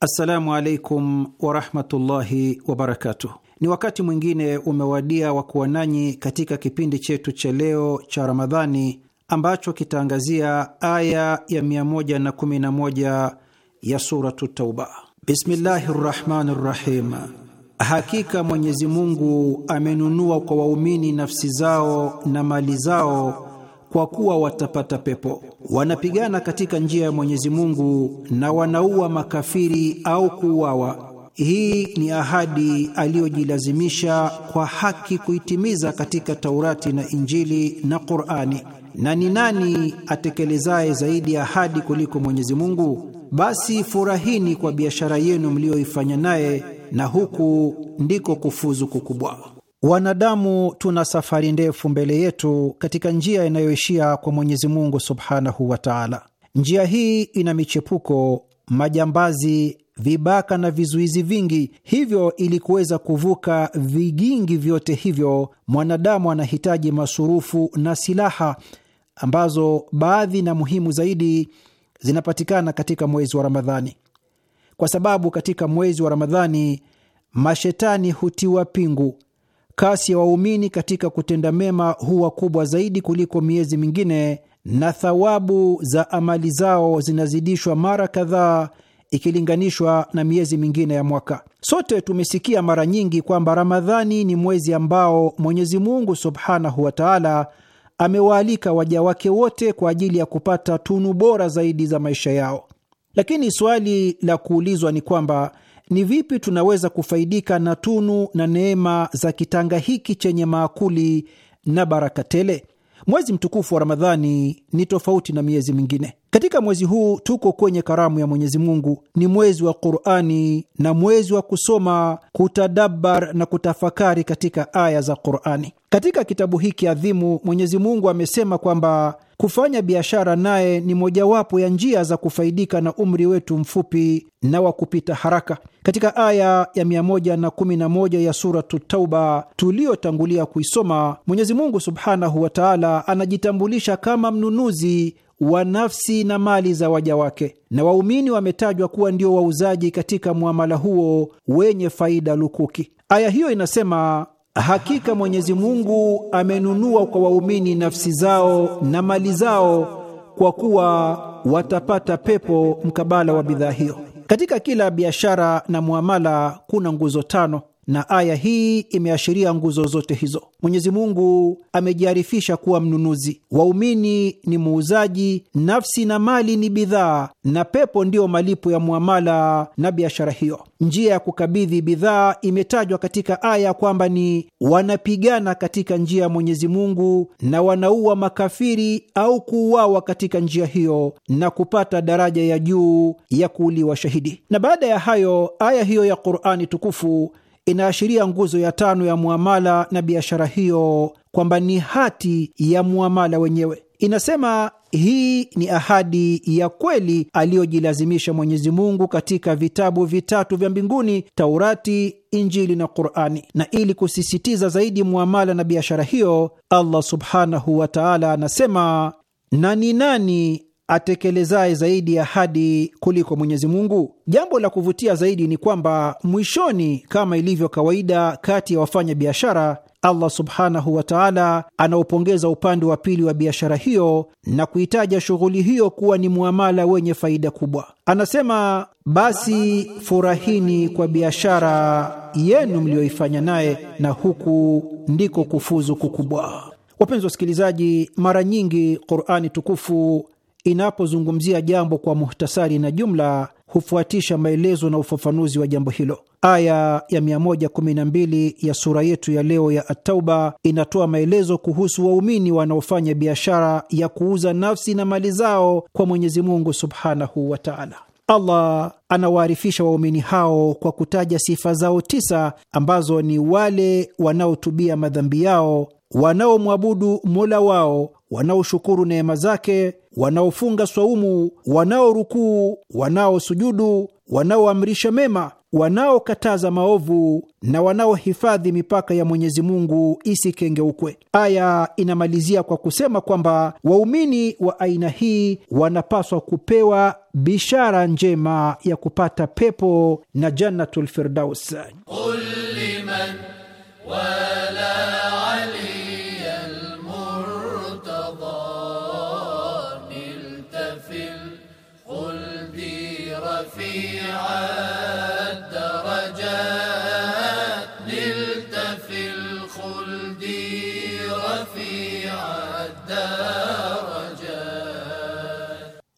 Assalamu alaikum warahmatullahi wabarakatuh. Ni wakati mwingine umewadia wa kuwa nanyi katika kipindi chetu cha leo cha Ramadhani ambacho kitaangazia aya ya 111 ya Suratu Tauba. Bismillahi rrahmani rrahim, hakika Mwenyezi Mungu amenunua kwa waumini nafsi zao na mali zao kwa kuwa watapata pepo. Wanapigana katika njia ya Mwenyezi Mungu na wanaua makafiri au kuuawa. Hii ni ahadi aliyojilazimisha kwa haki kuitimiza katika Taurati na Injili na Qur'ani. Na ni nani atekelezaye zaidi ya ahadi kuliko Mwenyezi Mungu? Basi furahini kwa biashara yenu mliyoifanya naye, na huku ndiko kufuzu kukubwa. Wanadamu tuna safari ndefu mbele yetu katika njia inayoishia kwa Mwenyezi Mungu subhanahu wa taala. Njia hii ina michepuko, majambazi, vibaka na vizuizi vingi. Hivyo, ili kuweza kuvuka vigingi vyote hivyo, mwanadamu anahitaji masurufu na silaha ambazo baadhi na muhimu zaidi zinapatikana katika mwezi wa Ramadhani, kwa sababu katika mwezi wa Ramadhani mashetani hutiwa pingu kasi ya waumini katika kutenda mema huwa kubwa zaidi kuliko miezi mingine, na thawabu za amali zao zinazidishwa mara kadhaa ikilinganishwa na miezi mingine ya mwaka. Sote tumesikia mara nyingi kwamba Ramadhani ni mwezi ambao Mwenyezi Mungu subhanahu wa taala amewaalika waja wake wote kwa ajili ya kupata tunu bora zaidi za maisha yao, lakini swali la kuulizwa ni kwamba ni vipi tunaweza kufaidika na tunu na neema za kitanga hiki chenye maakuli na baraka tele? Mwezi mtukufu wa Ramadhani ni tofauti na miezi mingine. Katika mwezi huu tuko kwenye karamu ya Mwenyezi Mungu, ni mwezi wa Qurani na mwezi wa kusoma, kutadabbar na kutafakari katika aya za Qurani. Katika kitabu hiki adhimu, Mwenyezi Mungu amesema kwamba kufanya biashara naye ni mojawapo ya njia za kufaidika na umri wetu mfupi na wa kupita haraka. Katika aya ya 111 ya Suratu Tauba tuliyotangulia kuisoma, Mwenyezi Mungu subhanahu wa taala anajitambulisha kama mnunuzi wa nafsi na mali za waja wake, na waumini wametajwa kuwa ndio wauzaji katika mwamala huo wenye faida lukuki. Aya hiyo inasema Hakika Mwenyezi Mungu amenunua kwa waumini nafsi zao na mali zao kwa kuwa watapata pepo mkabala wa bidhaa hiyo. Katika kila biashara na muamala kuna nguzo tano na aya hii imeashiria nguzo zote hizo. Mwenyezi Mungu amejiarifisha kuwa mnunuzi, waumini ni muuzaji, nafsi na mali ni bidhaa, na pepo ndiyo malipo ya muamala na biashara hiyo. Njia ya kukabidhi bidhaa imetajwa katika aya kwamba ni wanapigana katika njia ya Mwenyezi Mungu na wanaua makafiri au kuuawa katika njia hiyo na kupata daraja ya juu ya kuuliwa shahidi. Na baada ya hayo aya hiyo ya Qur'ani tukufu inaashiria nguzo ya tano ya muamala na biashara hiyo, kwamba ni hati ya muamala wenyewe. Inasema hii ni ahadi ya kweli aliyojilazimisha Mwenyezi Mungu katika vitabu vitatu vya mbinguni, Taurati, Injili na Qurani. Na ili kusisitiza zaidi muamala na biashara hiyo, Allah subhanahu wa taala anasema, na ni nani atekelezaye zaidi ahadi kuliko Mwenyezi Mungu. Jambo la kuvutia zaidi ni kwamba mwishoni, kama ilivyo kawaida kati ya wafanya biashara, Allah subhanahu wa taala anaupongeza upande wa pili wa biashara hiyo na kuitaja shughuli hiyo kuwa ni muamala wenye faida kubwa. Anasema, basi furahini kwa biashara yenu mliyoifanya naye, na huku ndiko kufuzu kukubwa. Wapenzi wasikilizaji, mara nyingi Qurani tukufu inapozungumzia jambo kwa muhtasari na jumla hufuatisha maelezo na ufafanuzi wa jambo hilo. Aya ya 112 ya sura yetu ya leo ya Atauba inatoa maelezo kuhusu waumini wanaofanya biashara ya kuuza nafsi na mali zao kwa Mwenyezi Mungu subhanahu wa taala. Allah anawaarifisha waumini hao kwa kutaja sifa zao tisa ambazo ni wale wanaotubia madhambi yao, wanaomwabudu mola wao wanaoshukuru neema zake, wanaofunga swaumu, wanaorukuu, wanaosujudu, wanaoamrisha mema, wanaokataza maovu na wanaohifadhi mipaka ya Mwenyezi Mungu isikengeukwe. Aya inamalizia kwa kusema kwamba waumini wa aina hii wanapaswa kupewa bishara njema ya kupata pepo na Jannatul Firdaus.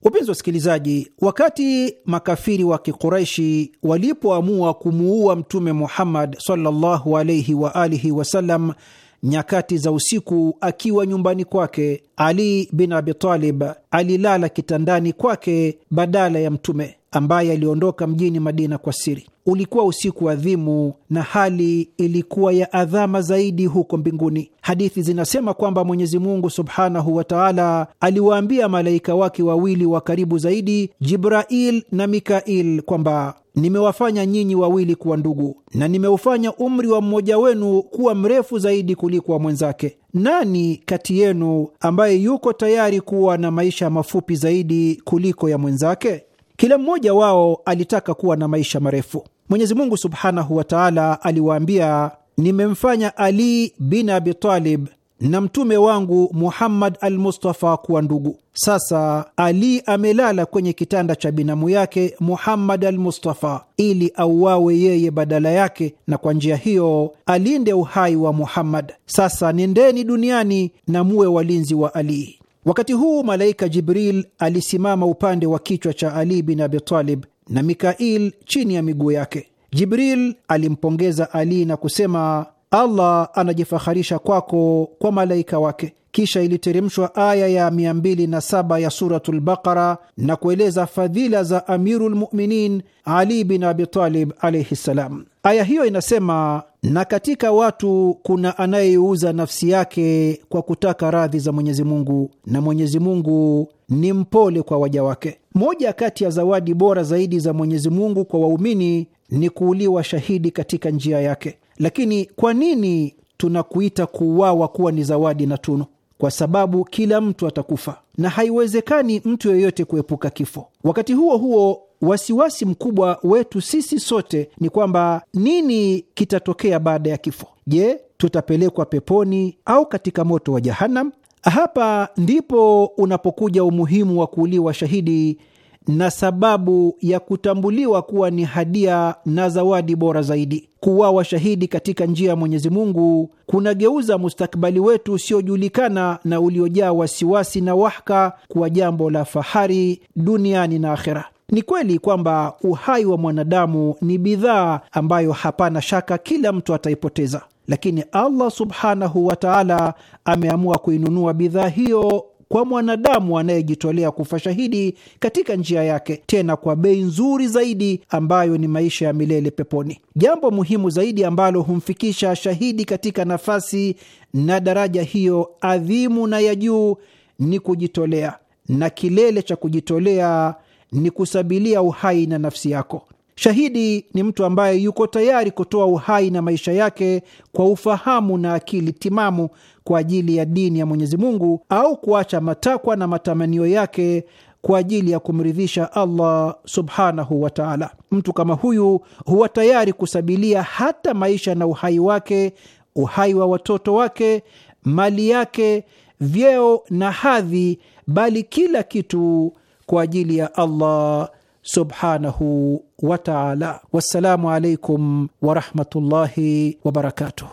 upenzi wa wasikilizaji, wakati makafiri wa Kikuraishi walipoamua kumuua Mtume Muhammad sallallahu alaihi wa alihi wasallam nyakati za usiku akiwa nyumbani kwake, Ali bin Abi Talib alilala kitandani kwake badala ya Mtume ambaye aliondoka mjini Madina kwa siri. Ulikuwa usiku adhimu na hali ilikuwa ya adhama zaidi huko mbinguni. Hadithi zinasema kwamba Mwenyezi Mungu subhanahu wa taala aliwaambia malaika wake wawili wa karibu zaidi, Jibrail na Mikail, kwamba nimewafanya nyinyi wawili kuwa ndugu na nimeufanya umri wa mmoja wenu kuwa mrefu zaidi kuliko wa mwenzake. Nani kati yenu ambaye yuko tayari kuwa na maisha mafupi zaidi kuliko ya mwenzake? Kila mmoja wao alitaka kuwa na maisha marefu. Mwenyezi Mungu subhanahu wa taala aliwaambia, nimemfanya Ali bin Abi Talib na mtume wangu Muhammad al Mustafa kuwa ndugu. Sasa Ali amelala kwenye kitanda cha binamu yake Muhammad al Mustafa ili auawe yeye badala yake, na kwa njia hiyo alinde uhai wa Muhammad. Sasa nendeni duniani na muwe walinzi wa Ali. Wakati huu malaika Jibril alisimama upande wa kichwa cha Ali bin Abi Talib na Mikail chini ya miguu yake. Jibril alimpongeza Ali na kusema, Allah anajifaharisha kwako kwa malaika wake. Kisha iliteremshwa aya ya 207 ya Suratul Baqara na kueleza fadhila za Amirul Muminin Ali bin Abi Talib alaihi ssalam. Aya hiyo inasema na katika watu kuna anayeiuza nafsi yake kwa kutaka radhi za Mwenyezi Mungu, na Mwenyezi Mungu ni mpole kwa waja wake. Moja kati ya zawadi bora zaidi za Mwenyezi Mungu kwa waumini ni kuuliwa shahidi katika njia yake. Lakini kwa nini tunakuita kuuawa kuwa ni zawadi na tunu? Kwa sababu kila mtu atakufa na haiwezekani mtu yeyote kuepuka kifo. Wakati huo huo wasiwasi mkubwa wetu sisi sote ni kwamba nini kitatokea baada ya kifo? Je, tutapelekwa peponi au katika moto wa Jahanam? Hapa ndipo unapokuja umuhimu wa kuuliwa shahidi na sababu ya kutambuliwa kuwa ni hadia na zawadi bora zaidi. Kuwawa shahidi katika njia ya Mwenyezi Mungu kunageuza mustakbali wetu usiojulikana na uliojaa wasiwasi na wahaka kuwa jambo la fahari duniani na akhera. Ni kweli kwamba uhai wa mwanadamu ni bidhaa ambayo hapana shaka kila mtu ataipoteza, lakini Allah subhanahu wa taala ameamua kuinunua bidhaa hiyo kwa mwanadamu anayejitolea kufa shahidi katika njia yake, tena kwa bei nzuri zaidi, ambayo ni maisha ya milele peponi. Jambo muhimu zaidi ambalo humfikisha shahidi katika nafasi na daraja hiyo adhimu na ya juu ni kujitolea, na kilele cha kujitolea ni kusabilia uhai na nafsi yako. Shahidi ni mtu ambaye yuko tayari kutoa uhai na maisha yake kwa ufahamu na akili timamu kwa ajili ya dini ya Mwenyezi Mungu, au kuacha matakwa na matamanio yake kwa ajili ya kumridhisha Allah subhanahu wa taala. Mtu kama huyu huwa tayari kusabilia hata maisha na uhai wake, uhai wa watoto wake, mali yake, vyeo na hadhi, bali kila kitu kwa ajili ya Allah subhanahu wa taala. Wassalamu alaikum warahmatullahi wabarakatuh.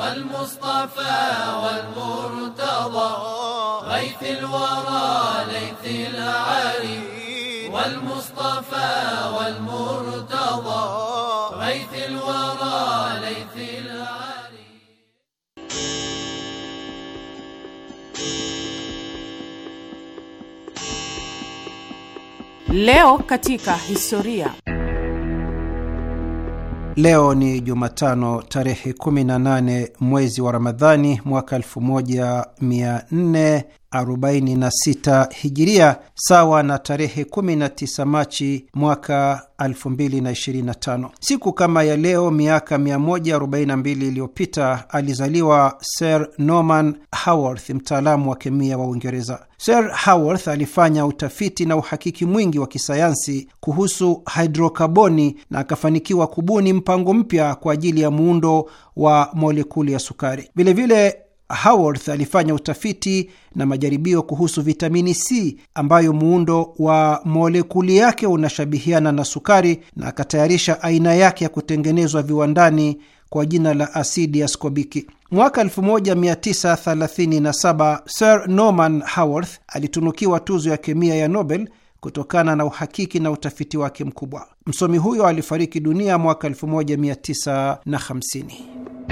والمصطفى والمرتضى غيث الورى ليث العري والمصطفى والمرتضى Leo katika historia. Leo ni Jumatano tarehe 18 mwezi wa Ramadhani mwaka 46 hijiria sawa na tarehe 19 Machi mwaka 2025. Siku kama ya leo miaka 142 iliyopita alizaliwa Sir Norman Haworth, mtaalamu wa kemia wa Uingereza. Sir Haworth alifanya utafiti na uhakiki mwingi wa kisayansi kuhusu hidrokaboni na akafanikiwa kubuni mpango mpya kwa ajili ya muundo wa molekuli ya sukari. Vilevile Haworth alifanya utafiti na majaribio kuhusu vitamini C ambayo muundo wa molekuli yake unashabihiana na sukari na akatayarisha aina yake ya kutengenezwa viwandani kwa jina la asidi ya skobiki. Mwaka 1937 Sir Norman Haworth alitunukiwa tuzo ya kemia ya Nobel kutokana na uhakiki na utafiti wake mkubwa. Msomi huyo alifariki dunia mwaka 1950.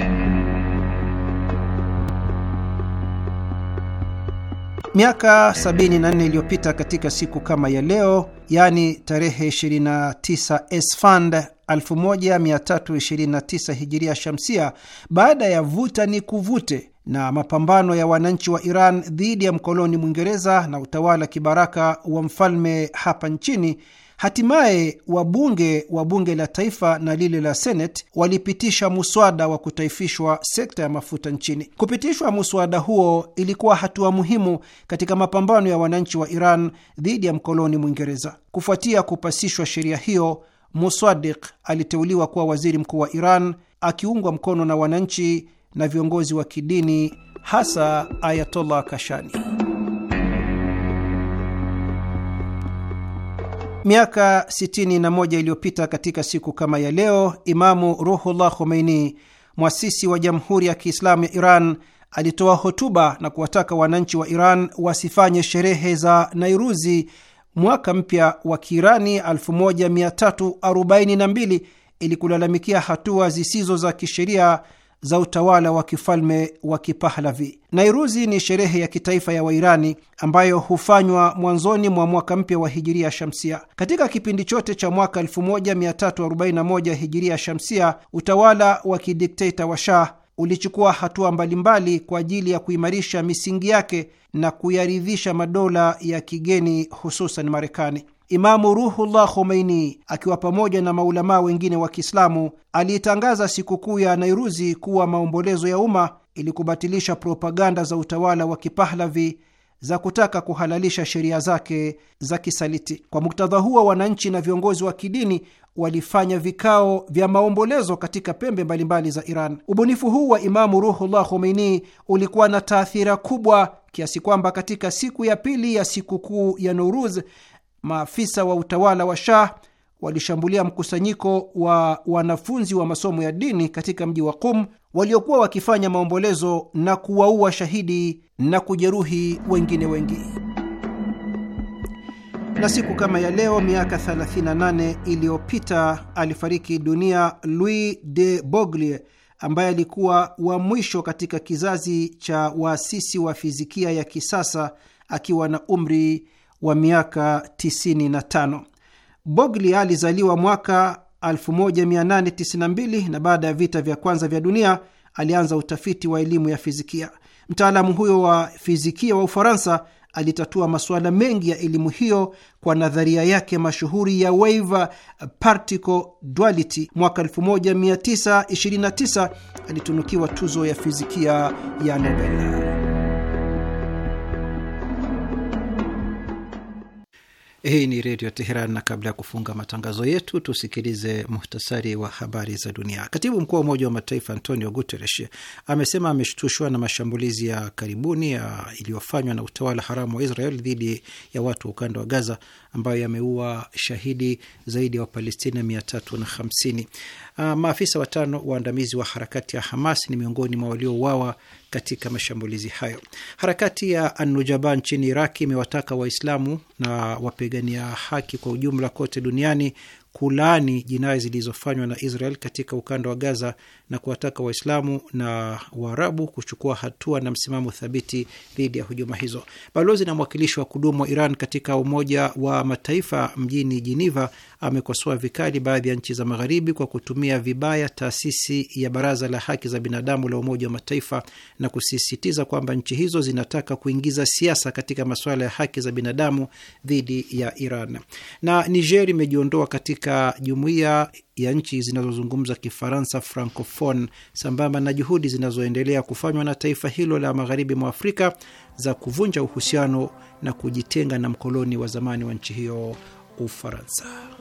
Miaka 74 iliyopita katika siku kama ya leo, yaani tarehe 29 Esfand 1329 hijiria shamsia, baada ya vuta ni kuvute na mapambano ya wananchi wa Iran dhidi ya mkoloni Mwingereza na utawala kibaraka wa mfalme hapa nchini Hatimaye wabunge wa bunge la taifa na lile la seneti walipitisha muswada wa kutaifishwa sekta ya mafuta nchini. Kupitishwa muswada huo ilikuwa hatua muhimu katika mapambano ya wananchi wa Iran dhidi ya mkoloni Mwingereza. Kufuatia kupasishwa sheria hiyo, musadik aliteuliwa kuwa waziri mkuu wa Iran akiungwa mkono na wananchi na viongozi wa kidini, hasa Ayatollah Kashani. Miaka 61 iliyopita katika siku kama ya leo, Imamu Ruhullah Khomeini, mwasisi wa Jamhuri ya Kiislamu ya Iran, alitoa hotuba na kuwataka wananchi wa Iran wasifanye sherehe za Nairuzi, mwaka mpya wa Kiirani 1342 ili kulalamikia hatua zisizo za kisheria za utawala wa kifalme wa Kipahlavi. Nairuzi ni sherehe ya kitaifa ya Wairani ambayo hufanywa mwanzoni mwa mwaka mpya wa hijiria shamsia. Katika kipindi chote cha mwaka 1341 hijiria shamsia, utawala wa kidikteta wa Shah ulichukua hatua mbalimbali kwa ajili ya kuimarisha misingi yake na kuyaridhisha madola ya kigeni, hususan Marekani. Imamu Ruhullah Khomeini akiwa pamoja na maulamaa wengine wa Kiislamu aliitangaza sikukuu ya Nairuzi kuwa maombolezo ya umma ili kubatilisha propaganda za utawala wa Kipahlavi za kutaka kuhalalisha sheria zake za kisaliti. Kwa muktadha huo, wananchi na viongozi wa kidini walifanya vikao vya maombolezo katika pembe mbalimbali za Iran. Ubunifu huu wa Imamu Ruhullah Khomeini ulikuwa na taathira kubwa kiasi kwamba katika siku ya pili ya sikukuu ya Nowruz maafisa wa utawala wa Shah walishambulia mkusanyiko wa wanafunzi wa masomo ya dini katika mji wa Qum waliokuwa wakifanya maombolezo na kuwaua shahidi na kujeruhi wengine wengi. Na siku kama ya leo miaka 38 iliyopita alifariki dunia Louis de Broglie ambaye alikuwa wa mwisho katika kizazi cha waasisi wa fizikia ya kisasa akiwa na umri wa miaka 95. Bogli alizaliwa mwaka 1892 na baada ya vita vya kwanza vya dunia alianza utafiti wa elimu ya fizikia. Mtaalamu huyo wa fizikia wa Ufaransa alitatua masuala mengi ya elimu hiyo kwa nadharia yake mashuhuri ya wave particle duality. Mwaka 1929 alitunukiwa tuzo ya fizikia ya Nobel. Hii ni Redio Teheran, na kabla ya kufunga matangazo yetu tusikilize muhtasari wa habari za dunia. Katibu mkuu wa Umoja wa Mataifa Antonio Guterres amesema ameshtushwa na mashambulizi ya karibuni iliyofanywa na utawala haramu wa Israel dhidi ya watu wa ukanda wa Gaza ambayo yameua shahidi zaidi ya wa Wapalestina 350. Ah, maafisa watano waandamizi wa harakati ya Hamas ni miongoni mwa waliouawa katika mashambulizi hayo. Harakati ya Anujaba nchini Iraki imewataka Waislamu na wapigania haki kwa ujumla kote duniani kulaani jinai zilizofanywa na Israel katika ukanda wa Gaza na kuwataka Waislamu na Waarabu kuchukua hatua na msimamo thabiti dhidi ya hujuma hizo. Balozi na mwakilishi wa kudumu wa Iran katika Umoja wa Mataifa mjini Jiniva amekosoa vikali baadhi ya nchi za Magharibi kwa kutumia vibaya taasisi ya Baraza la Haki za Binadamu la Umoja wa Mataifa na kusisitiza kwamba nchi hizo zinataka kuingiza siasa katika masuala ya haki za binadamu dhidi ya Iran. Na Niger imejiondoa katika jumuiya ya nchi zinazozungumza Kifaransa Francophone, sambamba na juhudi zinazoendelea kufanywa na taifa hilo la magharibi mwa Afrika za kuvunja uhusiano na kujitenga na mkoloni wa zamani wa nchi hiyo Ufaransa.